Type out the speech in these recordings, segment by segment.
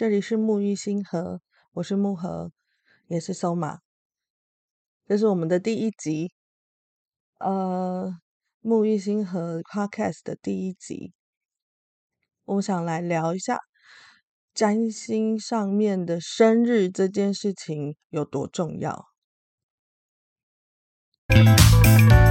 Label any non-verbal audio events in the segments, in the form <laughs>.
這裡是沐遇星禾，我是沐禾，也是 Soma。這是我們的第一集，呃，沐遇星禾 Podcast 的第一集。我想來聊一下占星上面的生日這件事情有多重要。 <noise>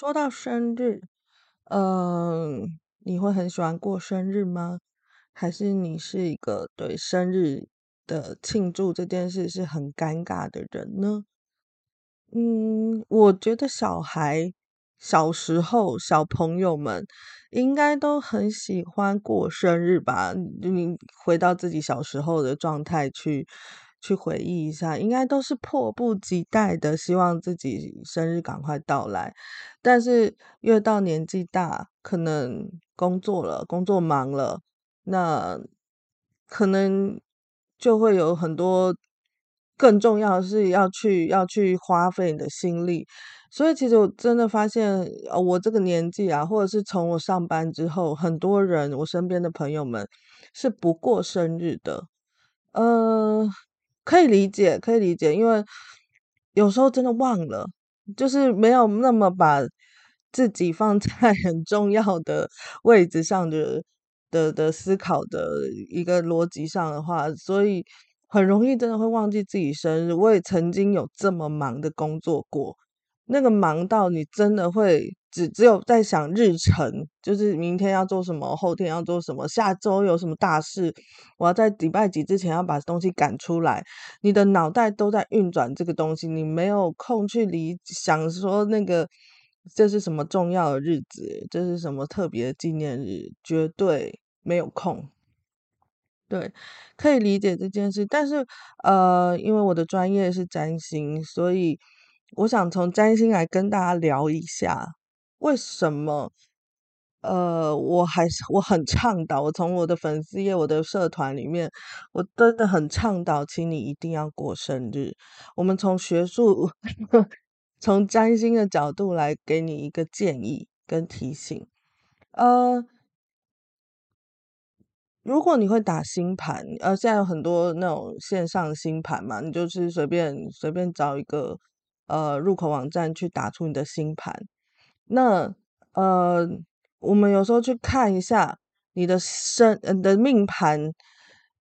說到生日，嗯、呃，你會很喜歡過生日嗎？還是你是一個對生日的慶祝這件事是很尷尬的人呢？嗯，我覺得小孩小時候小朋友們應該都很喜歡過生日吧。你回到自己小時候的狀態去。去回憶一下，應該都是迫不及待的，希望自己生日趕快到來。但是越到年紀大，可能工作了，工作忙了，那可能就會有很多更重要的是要去要去花費你的心力。所以其實我真的發現，哦，我這個年紀啊，或者是從我上班之後，很多人我身邊的朋友們是不過生日的，嗯、呃。可以理解，可以理解，因為有時候真的忘了，就是沒有那麼把自己放在很重要的位置上的的的思考的一個邏輯上的話，所以很容易真的會忘記自己生日，我也曾經有這麼忙的工作過。那個忙到你真的會只只有在想日程，就是明天要做什麼，後天要做什麼，下周有什麼大事，我要在禮拜幾之前要把東西趕出來。你的腦袋都在運轉這個東西，你沒有空去理想說那個這是什麼重要的日子，這是什麼特別的紀念日，絕對沒有空。對，可以理解這件事，但是呃，因為我的專業是占星，所以。我想從占星來跟大家聊一下，為什麼？呃，我還是我很倡導，我從我的粉絲頁、我的社團裡面，我真的很倡導，請你一定要過生日。我們從學術、 <laughs> 從占星的角度來給你一個建議跟提醒。呃，如果你會打星盤，呃，現在有很多那種線上星盤嘛，你就是隨便隨便找一個。呃，入口網站去打出你的星盤，那呃，我們有時候去看一下你的生，你、呃、的命盤，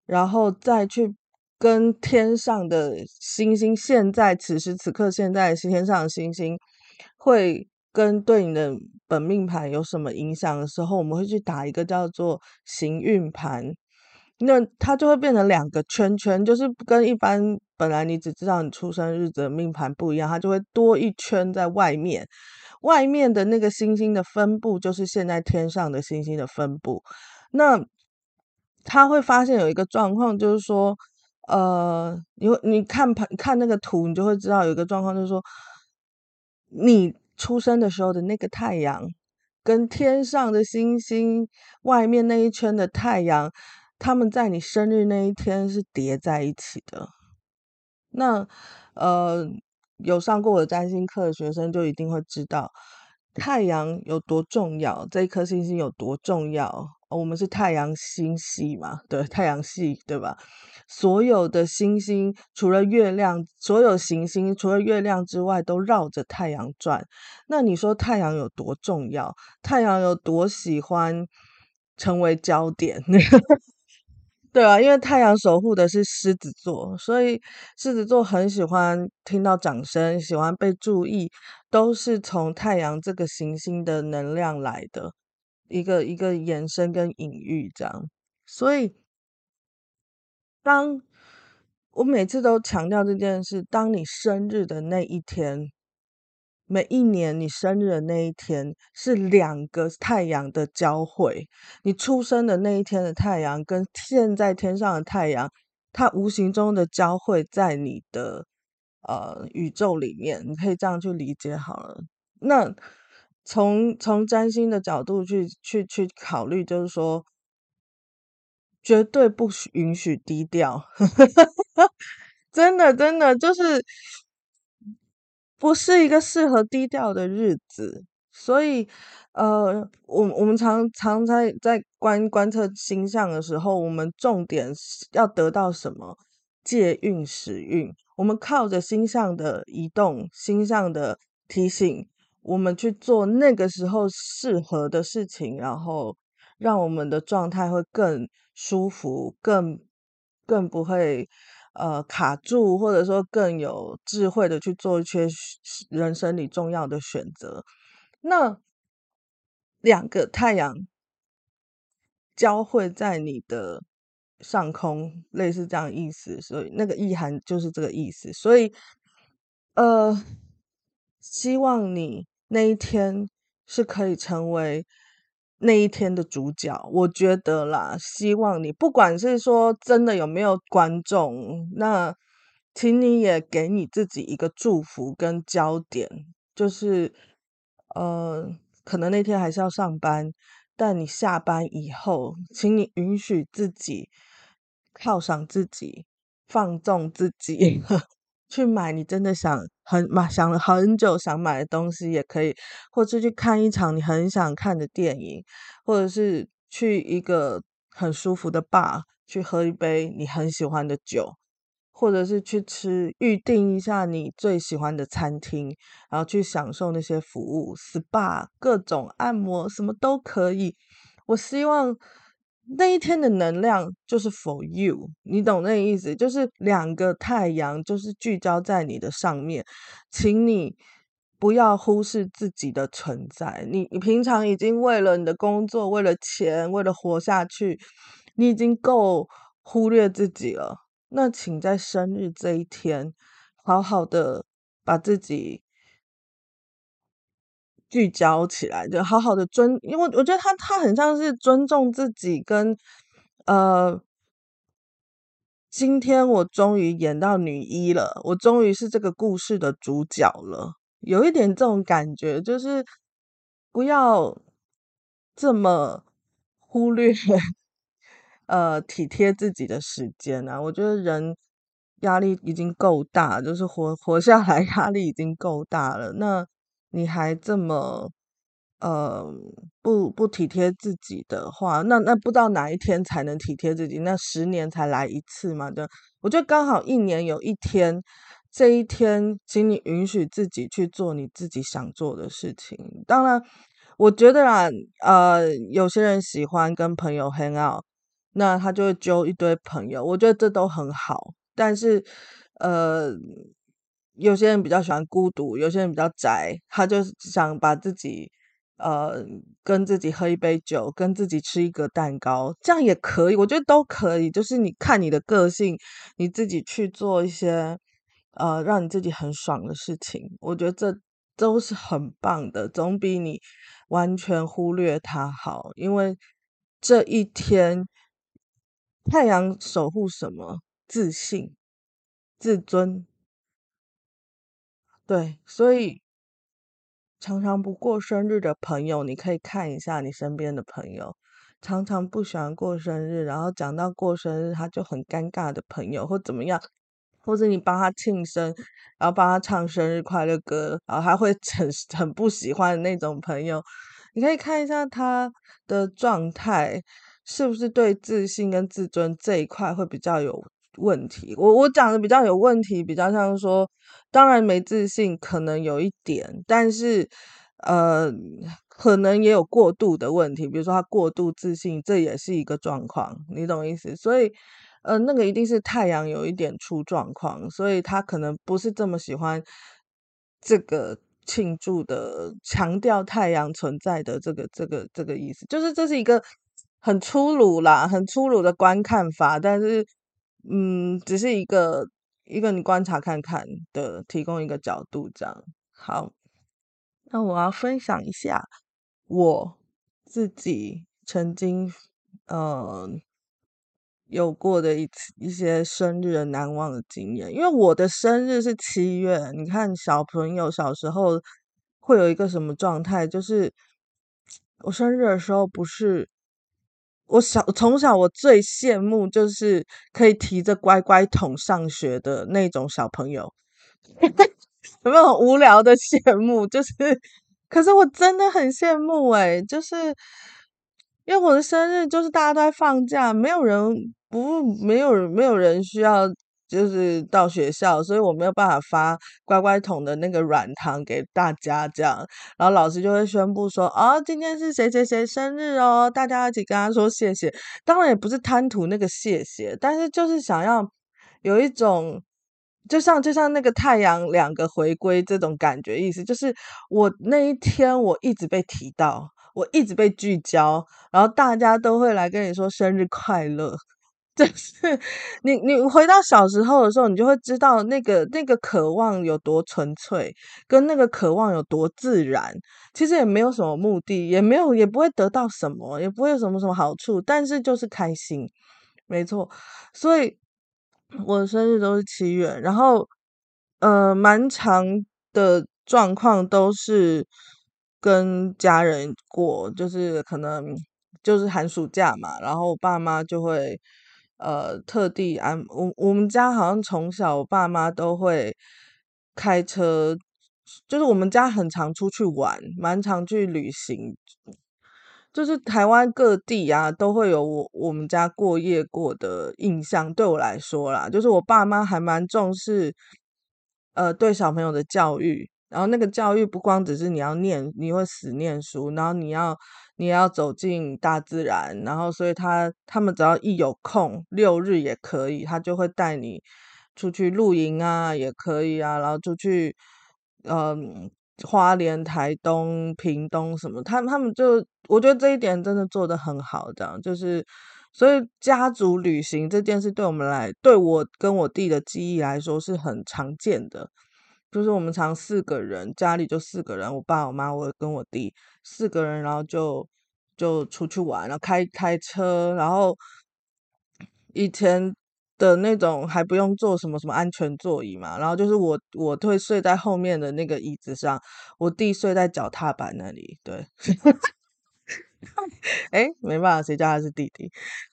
然後再去跟天上的星星，現在此時此刻現在是天上的星星，會跟對你的本命盤有什麼影響的時候，我們會去打一個叫做行運盤。那它就會變成兩個圈圈，就是跟一般本來你只知道你出生日子的命盤不一樣，它就會多一圈在外面，外面的那個星星的分佈就是現在天上的星星的分佈。那他會發現有一個狀況，就是說，呃，你你看盤看那個圖，你就會知道有一個狀況，就是說，你出生的時候的那個太陽跟天上的星星外面那一圈的太陽。他們在你生日那一天是疊在一起的。那呃，有上過我的占星課的學生就一定會知道太陽有多重要，這一顆星星有多重要。哦，我們是太陽星系嘛？對，太陽系對吧？所有的星星除了月亮，所有行星除了月亮之外都繞着太陽轉。那你說太陽有多重要？太陽有多喜歡成為焦點？ <laughs> 對啊，因為太陽守護的是獅子座，所以獅子座很喜歡聽到掌聲，喜歡被注意，都是從太陽這個行星的能量來的，一個一個延伸跟隱喻這樣。所以，當，我每次都強調這件事，當你生日的那一天。每一年你生日的那一天是兩個太陽的交匯，你出生的那一天的太陽跟現在天上的太陽，它無形中的交匯在你的呃宇宙裡面，你可以這樣去理解好了。那從從占星的角度去去去考慮，就是說絕對不許允許低調， <laughs> 真的真的就是。不是一個適合低調的日子，所以，呃，我我們常常在在觀觀測星象的時候，我們重點要得到什麼？借運使運，我們靠着星象的移動，星象的提醒，我們去做那個時候適合的事情，然後讓我們的狀態會更舒服，更更不會。呃，卡住，或者說更有智慧的去做一些人生裡重要的選擇。那兩個太陽交匯在你的上空，類似這樣的意思，所以那個意涵就是這個意思。所以，呃，希望你那一天是可以成為。那一天的主角，我覺得啦，希望你不管是說真的有沒有觀眾，那請你也給你自己一個祝福跟焦點，就是，嗯、呃，可能那天還是要上班，但你下班以後，請你允許自己犒賞自己，放縱自己。 <laughs> 去買你真的想很買想了很久想買的東西也可以，或者去看一場你很想看的電影，或者是去一個很舒服的吧，去喝一杯你很喜歡的酒，或者是去吃預定一下你最喜歡的餐廳，然後去享受那些服務，SPA，各種按摩什麼都可以。我希望。那一天的能量就是 for you，你懂那意思，就是兩個太陽就是聚焦在你的上面，請你不要忽視自己的存在。你你平常已經為了你的工作、為了錢、為了活下去，你已經夠忽略自己了。那請在生日這一天，好好的把自己。聚焦起來，就好好的尊，因為我覺得他他很像是尊重自己跟，呃，今天我終於演到女一了，我終於是這個故事的主角了，有一點這種感覺，就是不要這麼忽略，呃，體貼自己的時間啊。我覺得人壓力已經夠大，就是活活下來壓力已經夠大了，那。你還這麼，呃，不不體貼自己的話，那那不知道哪一天才能體貼自己？那十年才來一次嘛，對，我覺得剛好一年有一天，這一天，請你允許自己去做你自己想做的事情。當然，我覺得啦，呃，有些人喜歡跟朋友 hang out，那他就會揪一堆朋友，我覺得這都很好。但是，呃。有些人比較喜歡孤獨，有些人比較宅，他就想把自己，呃，跟自己喝一杯酒，跟自己吃一個蛋糕，這樣也可以，我覺得都可以。就是你看你的個性，你自己去做一些，呃，讓你自己很爽的事情，我覺得這都是很棒的，總比你完全忽略他好。因為這一天，太陽守護什麼？自信、自尊。對，所以常常不過生日的朋友，你可以看一下你身邊的朋友，常常不喜歡過生日，然後講到過生日他就很尷尬的朋友，或怎麼樣，或者你幫他慶生，然後幫他唱生日快樂歌，然後他會很很不喜歡的那種朋友，你可以看一下他的狀態，是不是對自信跟自尊這一塊會比較有問題，我我講的比較有問題，比較像說，當然沒自信可能有一點，但是，呃，可能也有過度的問題，比如說他過度自信，這也是一個狀況，你懂意思？所以，呃，那個一定是太陽有一點出狀況，所以他可能不是這麼喜歡這個慶祝的，強調太陽存在的這個這個這個意思，就是這是一個很粗魯啦，很粗魯的觀看法，但是。嗯，只是一個一個你觀察看看的，提供一個角度這樣。好，那我要分享一下我自己曾經嗯、呃、有過的一次一些生日難忘的經驗，因為我的生日是七月。你看小朋友小時候會有一個什麼狀態？就是我生日的時候不是。我小，從小，我最羨慕就是可以提着乖乖桶上學的那種小朋友， <laughs> 有沒有很無聊的羨慕？就是，可是我真的很羨慕誒、欸、就是因為我的生日就是大家都在放假，沒有人不沒有沒有人需要。就是到學校，所以我沒有辦法發乖乖桶的那個軟糖給大家，這樣，然後老師就會宣布說，啊、哦，今天是誰誰誰生日哦，大家一起跟他說謝謝。當然也不是貪圖那個謝謝，但是就是想要有一種，就像就像那個太陽兩個回歸這種感覺，意思就是我那一天我一直被提到，我一直被聚焦，然後大家都會來跟你說生日快樂。就是 <laughs> 你，你回到小時候的時候，你就會知道那個那個渴望有多純粹，跟那個渴望有多自然。其實也沒有什麼目的，也沒有也不會得到什麼，也不會有什麼什麼好處。但是就是開心，沒錯。所以我的生日都是七月，然後呃，蠻長的狀況都是跟家人過，就是可能就是寒暑假嘛，然後我爸媽就會。呃，特地安我，我們家好像從小我爸媽都會開車，就是我們家很常出去玩，蠻常去旅行，就是台灣各地啊都會有我我們家過夜過的印象。對我來說啦，就是我爸媽還蠻重視，呃，對小朋友的教育。然後那個教育不光只是你要念，你會死念書，然後你要。你要走進大自然，然後所以他他們只要一有空，六日也可以，他就會帶你出去露營啊，也可以啊，然後出去，嗯，花蓮、台東、屏東什麼，他他們就我覺得這一點真的做得很好，這樣就是，所以家族旅行這件事對我們來，對我跟我弟的記憶來說是很常見的。就是我們常，常四個人，家裡就四個人，我爸、我媽、我跟我弟四個人，然後就就出去玩，然後開開車，然後以前的那種還不用坐什麼什麼安全座椅嘛，然後就是我我會睡在後面的那個椅子上，我弟睡在腳踏板那裡，對，哎， <laughs> 沒辦法，誰叫他是弟弟，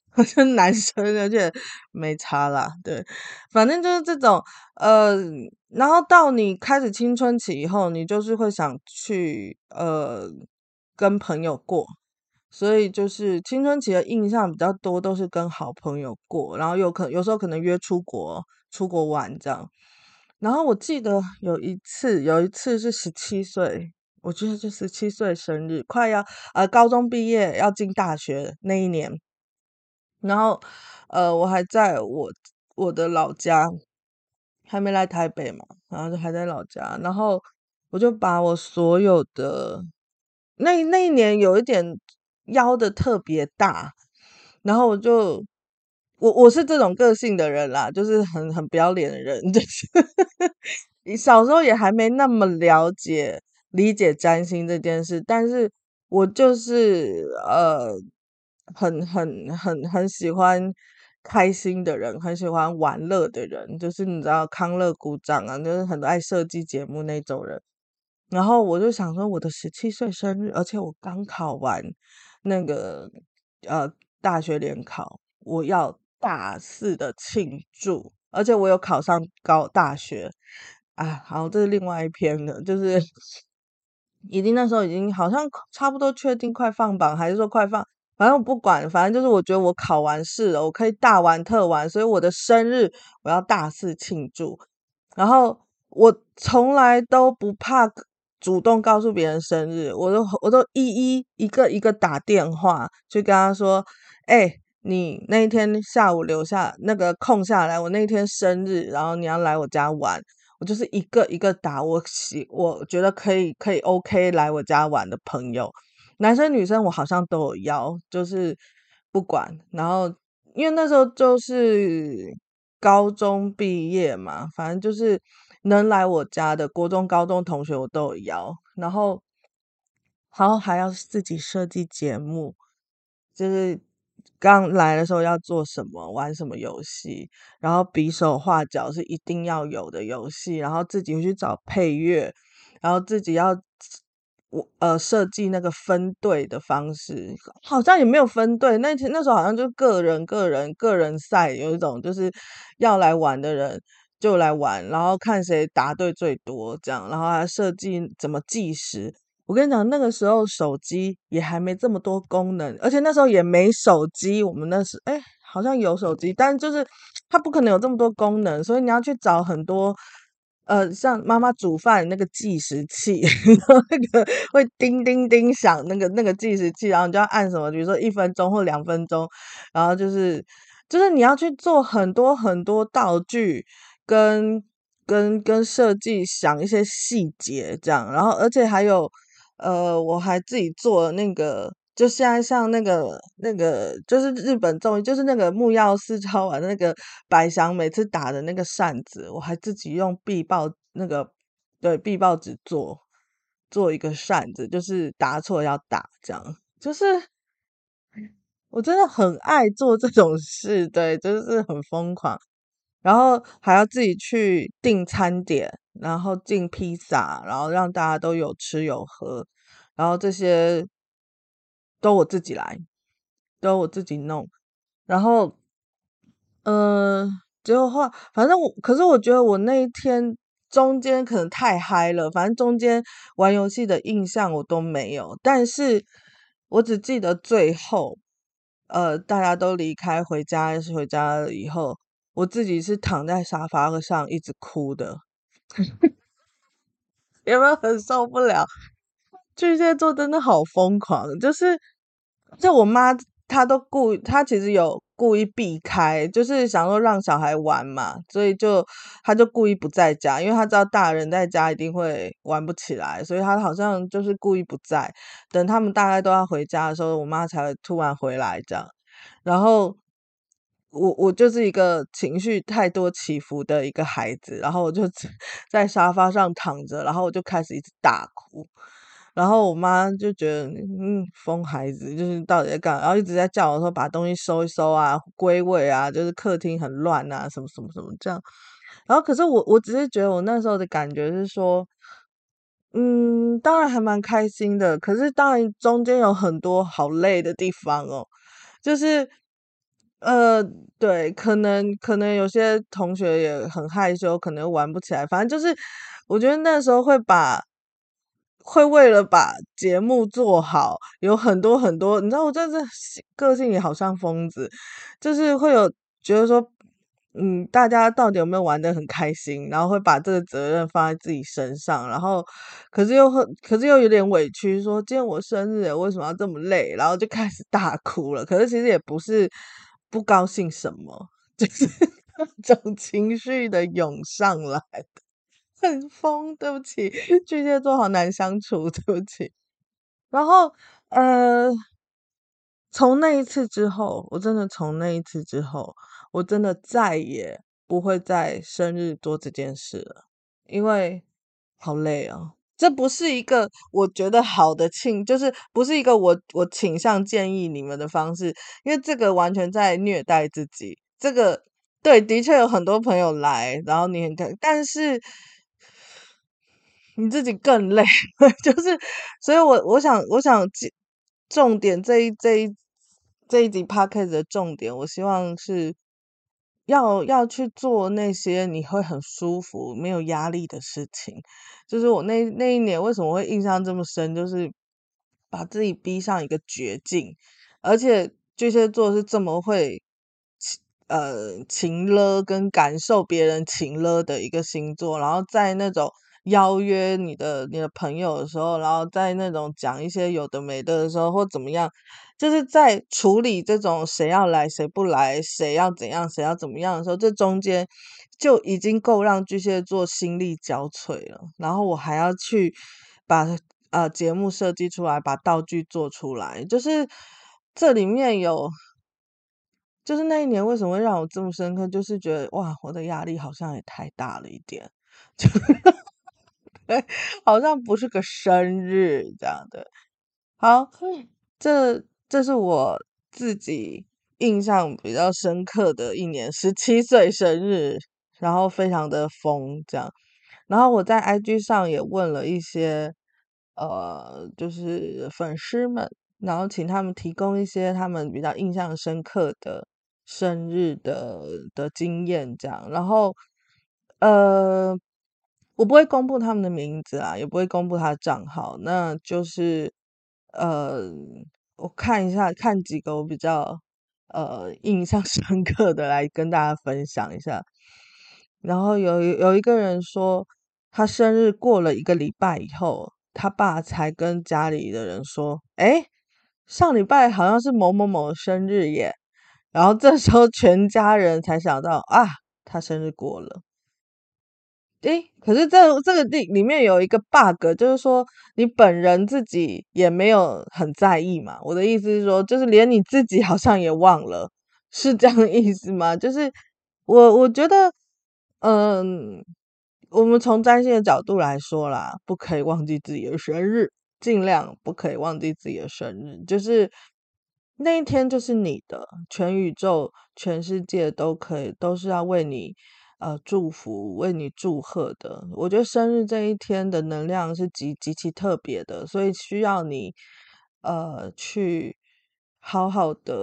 好 <laughs> 像男生，而且沒差啦，對，反正就是這種，呃。然後到你開始青春期以後，你就是會想去呃跟朋友過，所以就是青春期的印象比較多都是跟好朋友過，然後有可有時候可能約出國出國玩這樣。然後我記得有一次，有一次是十七歲，我記得是十七歲生日，快要呃高中畢業要進大學那一年，然後呃我還在我我的老家。還沒來台北嘛，然後就還在老家，然後我就把我所有的那那一年有一點邀的特別大，然後我就我我是這種個性的人啦，就是很很不要臉的人，就是你 <laughs> 小時候也還沒那麼了解理解占星這件事，但是我就是呃很很很很喜歡。開心的人，很喜歡玩樂的人，就是你知道康樂股長啊，就是很多愛設計節目那種人。然後我就想說，我的十七歲生日，而且我剛考完那個呃大學聯考，我要大肆的慶祝，而且我有考上高大學啊。好，這是另外一篇的，就是已經那時候已經好像差不多確定快放榜，還是說快放？反正我不管，反正就是我覺得我考完試了，我可以大玩特玩，所以我的生日我要大肆慶祝。然後我從來都不怕主動告訴別人生日，我都我都一一一個一個打電話去跟他說：“欸，你那天下午留下那個空下來，我那天生日，然後你要來我家玩。”我就是一個一個打我喜，我我覺得可以可以 OK 來我家玩的朋友。男生女生我好像都有邀，就是不管，然後因為那時候就是高中畢業嘛，反正就是能來我家的，國中、高中同學我都有邀，然後，然後還要自己設計節目，就是剛來的時候要做什麼，玩什麼遊戲，然後比手畫腳是一定要有的遊戲，然後自己去找配樂，然後自己要。我呃，設計那個分隊的方式，好像也沒有分隊。那那時候好像就個人、個人、個人賽，有一種就是要來玩的人就來玩，然後看誰答對最多這樣。然後還設計怎麼計時。我跟你講，那個時候手機也還沒這麼多功能，而且那時候也沒手機。我們那時哎、欸，好像有手機，但就是它不可能有這麼多功能，所以你要去找很多。呃，像媽媽煮飯那個計時器，然後那個會叮叮叮響，那個那個計時器，然後你就要按什麼，比如說一分鐘或兩分鐘，然後就是就是你要去做很多很多道具跟，跟跟跟設計想一些細節這樣，然後而且還有，呃，我還自己做了那個，就現在，像那個、那個，就是日本綜藝，就是那個木曜四超玩的那個百祥，每次打的那個扇子，我還自己用壁報那個對壁報紙做做一個扇子，就是答錯要打這樣，就是我真的很愛做這種事，對，就是很瘋狂，然後還要自己去訂餐點，然後訂披薩，然後讓大家都有吃有喝，然後這些。都我自己來，都我自己弄，然後，嗯、呃，結果話，反正我，可是我覺得我那一天中間可能太嗨了，反正中間玩遊戲的印象我都沒有，但是我只記得最後，呃，大家都離開回家，還是回家了以後，我自己是躺在沙發上一直哭的， <laughs> 有沒有很受不了？巨蟹座真的好瘋狂，就是就我媽她都故意，她其實有故意避開，就是想要讓小孩玩嘛，所以就她就故意不在家，因為她知道大人在家一定會玩不起來，所以她好像就是故意不在。等他們大概都要回家的時候，我媽才會突然回來這樣。然後我我就是一個情緒太多起伏的一個孩子，然後我就在沙發上躺着，然後我就開始一直大哭。然後我媽就覺得，嗯，瘋孩子就是到底在幹，然後一直在叫我說把東西收一收啊、歸位啊，就是客廳很亂啊什麼什麼什麼這樣。然後可是我我只是覺得我那時候的感覺是說，嗯，當然還蠻開心的，可是當然中間有很多好累的地方哦，就是呃對，可能可能有些同學也很害羞，可能又玩不起來。反正就是我覺得那時候會把。會為了把節目做好，有很多很多，你知道我真的個性也好像瘋子，就是會有覺得說，嗯，大家到底有沒有玩得很開心？然後會把這個責任放在自己身上，然後可是又很，可是又有點委屈說，說今天我生日，為什麼要這麼累？然後就開始大哭了。可是其實也不是不高興什麼，就是這 <laughs> 種情緒的湧上來的。很瘋，對不起，巨蟹座好難相處，對不起。然後，呃，從那一次之後，我真的從那一次之後，我真的再也不會在生日做這件事了，因為好累啊、哦。這不是一個我覺得好的慶，就是不是一個我我傾向建議你們的方式，因為這個完全在虐待自己。這個對，的確有很多朋友來，然後你很感，但是。你自己更累， <laughs> 就是，所以我，我我想，我想，重點這一這一這一集 podcast 的重點，我希望是要要去做那些你會很舒服、沒有壓力的事情。就是我那那一年為什麼會印象這麼深，就是把自己逼上一個絕境，而且巨蟹座是這麼會呃情勒跟感受別人情勒的一個星座，然後在那種。邀約你的你的朋友的時候，然後在那種講一些有的沒的的時候或怎麼樣，就是在處理這種誰要來誰不來，誰要怎樣誰要怎麼樣的時候，這中間就已經夠讓巨蟹座心力交瘁了。然後我還要去把呃節目設計出來，把道具做出來，就是這裡面有，就是那一年為什麼會讓我這麼深刻，就是覺得哇，我的壓力好像也太大了一點，就。 <laughs> 對，好像不是個生日這樣的。好，這這是我自己印象比較深刻的一年，十七歲生日，然後非常的瘋這樣。然後我在 IG 上也問了一些呃，就是粉絲們，然後請他們提供一些他們比較印象深刻的生日的的經驗這樣。然後，呃。我不會公布他們的名字啊，也不會公布他的賬號。那就是，呃，我看一下，看幾個我比較呃印象深刻的來跟大家分享一下。然後有有一個人說，他生日過了一個禮拜以後，他爸才跟家裡的人說：“誒，上禮拜好像是某某某的生日耶。”然後這時候全家人才想到啊，他生日過了。哎，可是這這個裡裡面有一個 bug，就是說你本人自己也沒有很在意嘛。我的意思是說，就是連你自己好像也忘了，是這樣的意思嗎？就是我我覺得，嗯，我們從占星的角度來說啦，不可以忘記自己的生日，盡量不可以忘記自己的生日，就是那一天就是你的，全宇宙、全世界都可以，都是要為你。呃，祝福為你祝賀的，我覺得生日這一天的能量是極極其特別的，所以需要你呃去好好的，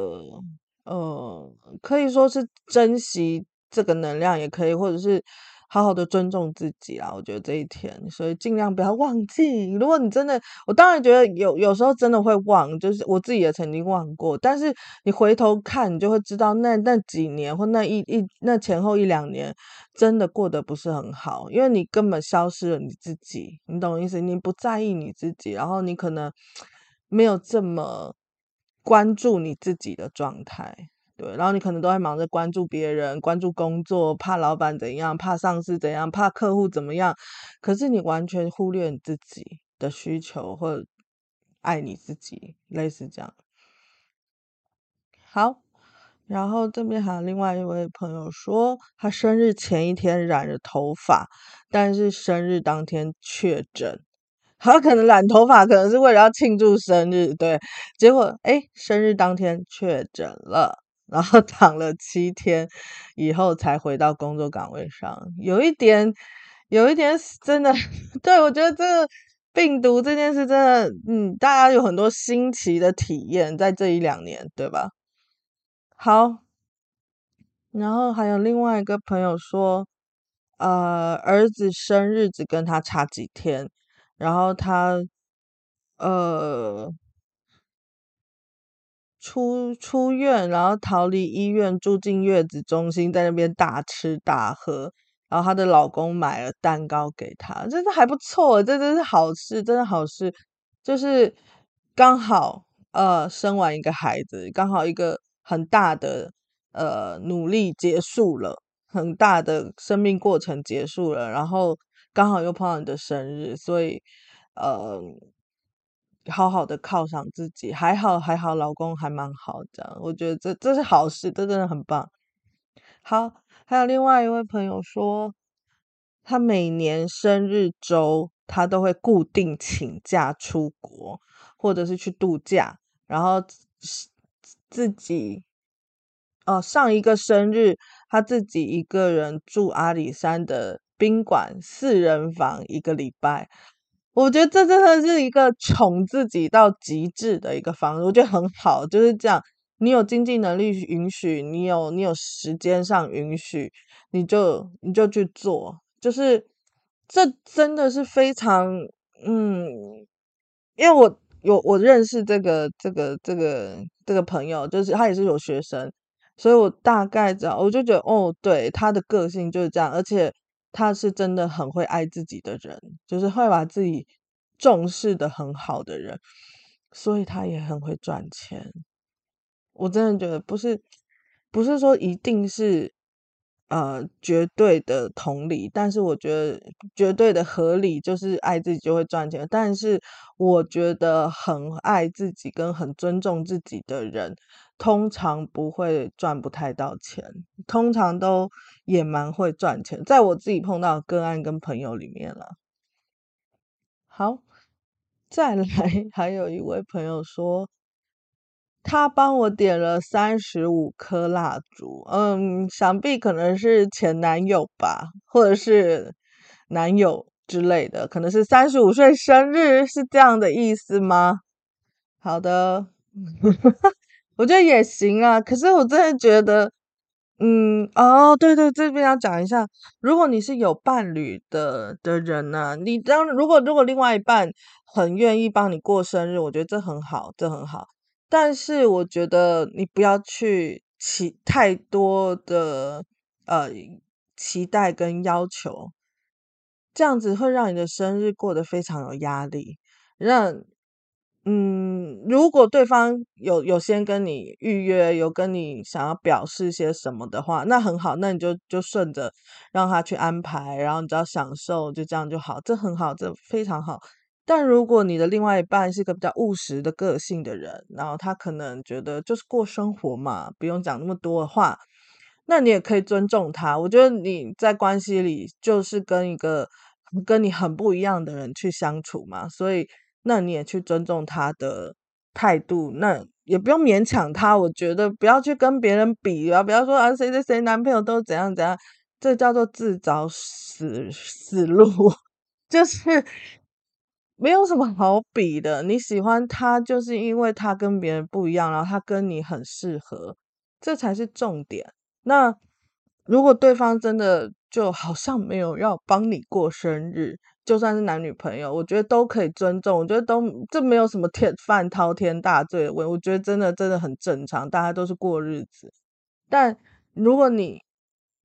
呃，可以說是珍惜這個能量，也可以，或者是。好好的尊重自己啊，我覺得這一天，所以盡量不要忘記。如果你真的，我當然覺得有，有時候真的會忘，就是我自己也曾經忘過。但是你回頭看，你就會知道那那幾年或那一一那前後一兩年，真的過得不是很好，因為你根本消失了你自己，你懂我意思？你不在意你自己，然後你可能沒有這麼關注你自己的狀態。對，然後你可能都在忙着關注別人、關注工作，怕老闆怎樣，怕上司怎樣，怕客戶怎麼樣，可是你完全忽略你自己的需求或愛你自己，類似這樣。好，然後這邊還有另外一位朋友說，他生日前一天染了頭髮，但是生日當天確診。他可能染頭髮可能是為了要慶祝生日，對，結果，誒，生日當天確診了。然後躺了七天以後才回到工作崗位上。有一點，有一點真的，對，我覺得這個病毒這件事真的，嗯，大家有很多新奇的體驗在這一兩年，對吧？好，然後還有另外一個朋友說，呃，兒子生日只跟他差幾天，然後他，呃。出出院，然後逃離醫院，住進月子中心，在那邊大吃大喝。然後她的老公買了蛋糕給她，這這還不錯，這真是好事，真的好事。就是剛好呃生完一個孩子，剛好一個很大的呃努力結束了，很大的生命過程結束了，然後剛好又碰到你的生日，所以呃。好好的犒賞自己，還好還好，老公還蠻好的，我覺得這這是好事，這真的很棒。好，還有另外一位朋友說，他每年生日周他都會固定請假出國，或者是去度假，然後自己哦上一個生日，他自己一個人住阿里山的賓館四人房一個禮拜。我覺得這真的是一個寵自己到極致的一個方式，我覺得很好。就是這樣，你有經濟能力允許，你有你有時間上允許，你就你就去做。就是這真的是非常嗯，因為我有我認識這個這個這個這個朋友，就是他也是有學生，所以我大概知道，我就覺得哦，對，他的個性就是這樣，而且。他是真的很會愛自己的人，就是會把自己重視的很好的人，所以他也很會賺錢。我真的覺得不是，不是說一定是。呃，絕對的同理，但是我覺得絕對的合理就是愛自己就會賺錢。但是我覺得很愛自己跟很尊重自己的人，通常不會賺不太到錢，通常都也蠻會賺錢。在我自己碰到的個案跟朋友裡面了。好，再來，還有一位朋友說。他幫我點了三十五顆蠟燭，嗯，想必可能是前男友吧，或者是男友之類的，可能是三十五歲生日，是這樣的意思嗎？好的， <laughs> 我覺得也行啊。可是我真的覺得，嗯，哦，對對，這邊要講一下，如果你是有伴侶的的人呢、啊，你當如果如果另外一半很願意幫你過生日，我覺得這很好，這很好。但是我覺得你不要去起太多的呃期待跟要求，這樣子會讓你的生日過得非常有壓力。讓嗯，如果對方有有先跟你預約，有跟你想要表示些什麼的話，那很好，那你就就順着讓他去安排，然後你只要享受，就這樣就好，這很好，這非常好。但如果你的另外一半是一個比較務實的個性的人，然後他可能覺得就是過生活嘛，不用講那麼多的話，那你也可以尊重他。我覺得你在關係裡就是跟一個跟你很不一樣的人去相處嘛，所以那你也去尊重他的態度，那也不用勉強他。我覺得不要去跟別人比啊，不要說啊，誰誰誰男朋友都怎樣怎樣，這叫做自找死死路。 <laughs> 就是。沒有什麼好比的，你喜歡他就是因為他跟別人不一樣，然後他跟你很適合，這才是重點。那如果對方真的就好像沒有要幫你過生日，就算是男女朋友，我覺得都可以尊重，我覺得都這沒有什麼天犯滔天大罪。我我覺得真的真的很正常，大家都是過日子。但如果你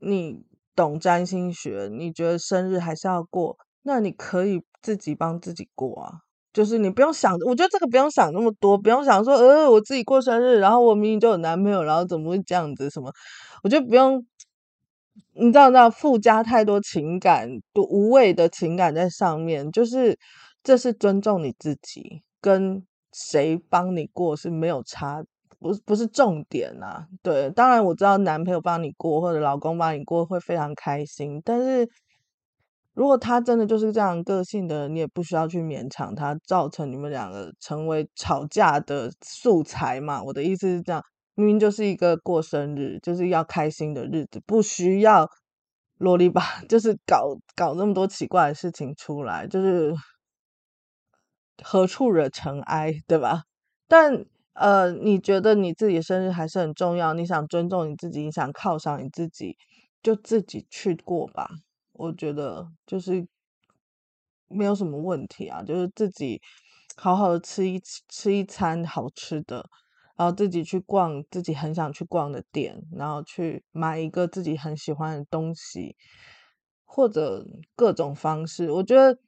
你懂占星學，你覺得生日還是要過，那你可以。自己幫自己過啊，就是你不用想，我覺得這個不用想那麼多，不用想說，呃，我自己過生日，然後我明明就有男朋友，然後怎麼會這樣子什麼？我覺得不用，你知道不知道，附加太多情感，無謂的情感在上面，就是這是尊重你自己，跟誰幫你過是沒有差，不不是重點啊。對，當然我知道男朋友幫你過或者老公幫你過會非常開心，但是，如果他真的就是這樣個性的，你也不需要去勉強他，造成你們兩個成為吵架的素材嘛。我的意思是這樣，明明就是一個過生日，就是要開心的日子，不需要囉里吧，就是搞搞那麼多奇怪的事情出來，就是何處惹塵埃，對吧？但呃，你覺得你自己生日還是很重要，你想尊重你自己，你想犒賞你自己，就自己去過吧。我覺得就是沒有什麼問題啊，就是自己好好的吃一吃一餐好吃的，然後自己去逛自己很想去逛的店，然後去買一個自己很喜歡的東西，或者各種方式。我覺得，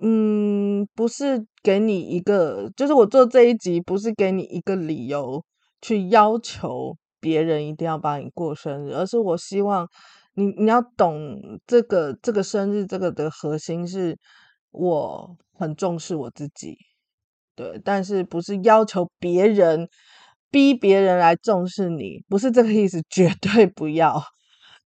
嗯，不是給你一個，就是我做這一集不是給你一個理由去要求別人一定要幫你過生日，而是我希望。你你要懂這個這個生日這個的核心是，我很重視我自己，對，但是不是要求別人，逼別人來重視你，不是這個意思，絕對不要，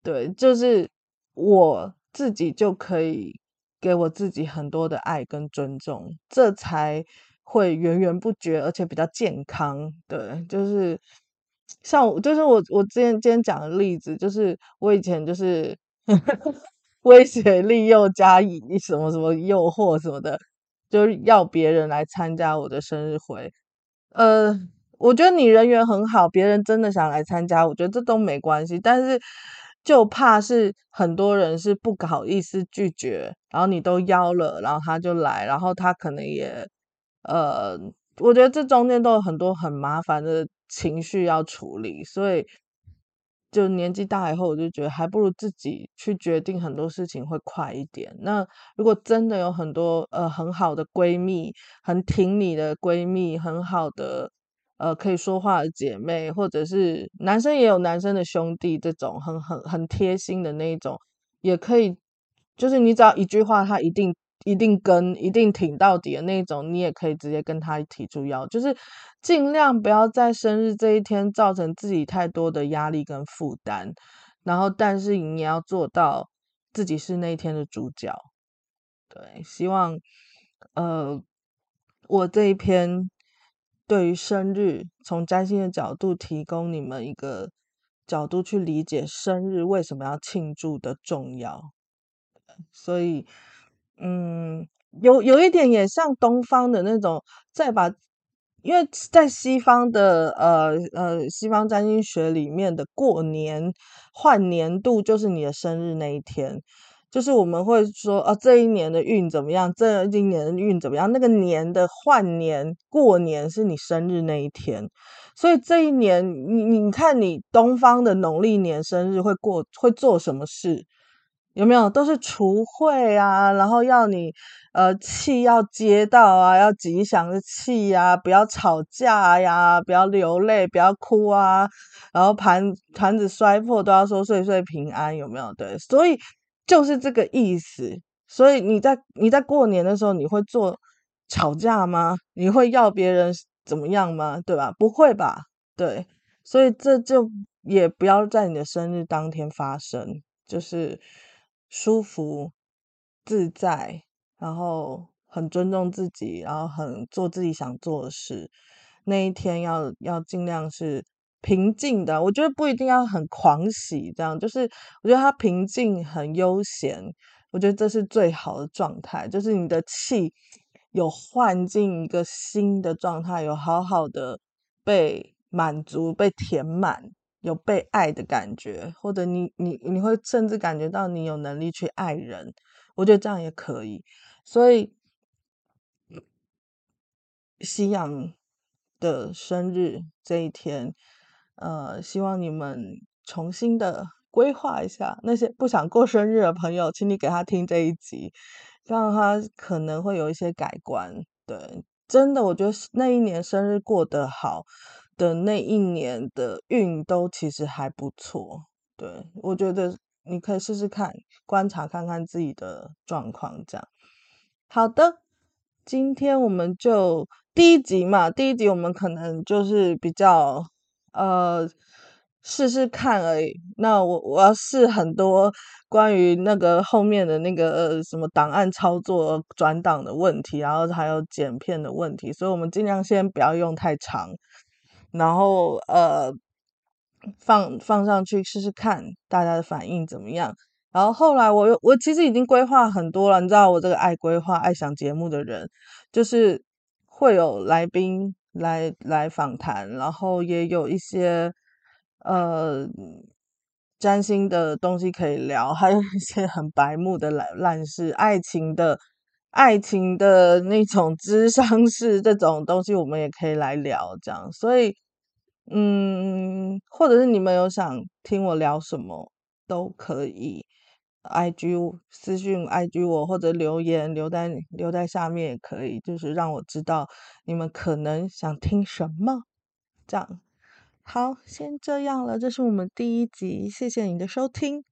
對，就是我自己就可以給我自己很多的愛跟尊重，這才會源源不絕，而且比較健康，對，就是。像我就是我，我之前，今天講的例子就是我以前就是呵呵威脅利誘加以什麼什麼誘惑什麼的，就是要別人來參加我的生日會。呃，我覺得你人緣很好，別人真的想來參加，我覺得這都沒關係。但是就怕是很多人是不好意思拒絕，然後你都邀了，然後他就來，然後他可能也呃，我覺得這中間都有很多很麻煩的，情緒要處理，所以就年紀大以後，我就覺得還不如自己去決定很多事情會快一點。那如果真的有很多呃很好的閨蜜，很挺你的閨蜜，很好的呃可以說話的姐妹，或者是男生也有男生的兄弟，這種很很很貼心的那一種，也可以，就是你只要一句話，他一定。一定跟一定挺到底的那種，你也可以直接跟他提出要，就是盡量不要在生日這一天造成自己太多的壓力跟負擔。然後，但是你也要做到自己是那一天的主角。對，希望呃，我這一篇對於生日從占星的角度提供你們一個角度去理解生日為什麼要慶祝的重要。所以。嗯，有有一點也像東方的那種，再把，因為在西方的呃呃西方占星學裡面的過年換年度就是你的生日那一天，就是我們會說啊，這一年的運怎麼樣，這今年的運怎麼樣？那個年的換年過年是你生日那一天，所以這一年你你看你東方的農曆年生日會過會做什麼事？有沒有都是除晦啊，然後要你，呃，氣要接到啊，要吉祥的氣呀、啊，不要吵架呀、啊，不要流淚，不要哭啊，然後盤盤子摔破都要說歲歲平安，有沒有？對，所以就是這個意思。所以你在你在過年的時候，你會做吵架嗎？你會要別人怎麼樣嗎？對吧？不會吧？對，所以這就也不要在你的生日當天發生，就是。舒服、自在，然後很尊重自己，然後很做自己想做的事。那一天要要盡量是平靜的，我覺得不一定要很狂喜這樣，就是我覺得它平靜、很悠閒，我覺得這是最好的狀態，就是你的氣有換進一個新的狀態，有好好的被滿足、被填滿。有被愛的感覺，或者你你你會甚至感覺到你有能力去愛人，我覺得這樣也可以。所以西洋的生日這一天，呃，希望你們重新的規劃一下。那些不想過生日的朋友，請你給他聽這一集，讓他可能會有一些改觀。對，真的，我覺得那一年生日過得好。的那一年的運都其實還不錯，對，我覺得你可以試試看，觀察看看自己的狀況這樣。好的，今天我們就第一集嘛，第一集我們可能就是比較呃試試看而已。那我我要試很多關於那個後面的那個、呃、什麼檔案操作、轉檔的問題，然後還有剪片的問題，所以我們盡量先不要用太長。然後呃，放放上去試試看大家的反應怎麼樣。然後後來我又我其實已經規劃很多了，你知道我這個愛規劃愛想節目的人，就是會有來賓來來訪談，然後也有一些呃占星的東西可以聊，還有一些很白目的爛爛事，愛情的。愛情的那種智商是這種東西，我們也可以來聊這樣。所以，嗯，或者是你們有想聽我聊什麼都可以，IG 私訊 IG 我，或者留言留在留在下面也可以，就是讓我知道你們可能想聽什麼這樣。好，先這樣了，這是我們第一集，謝謝你的收聽。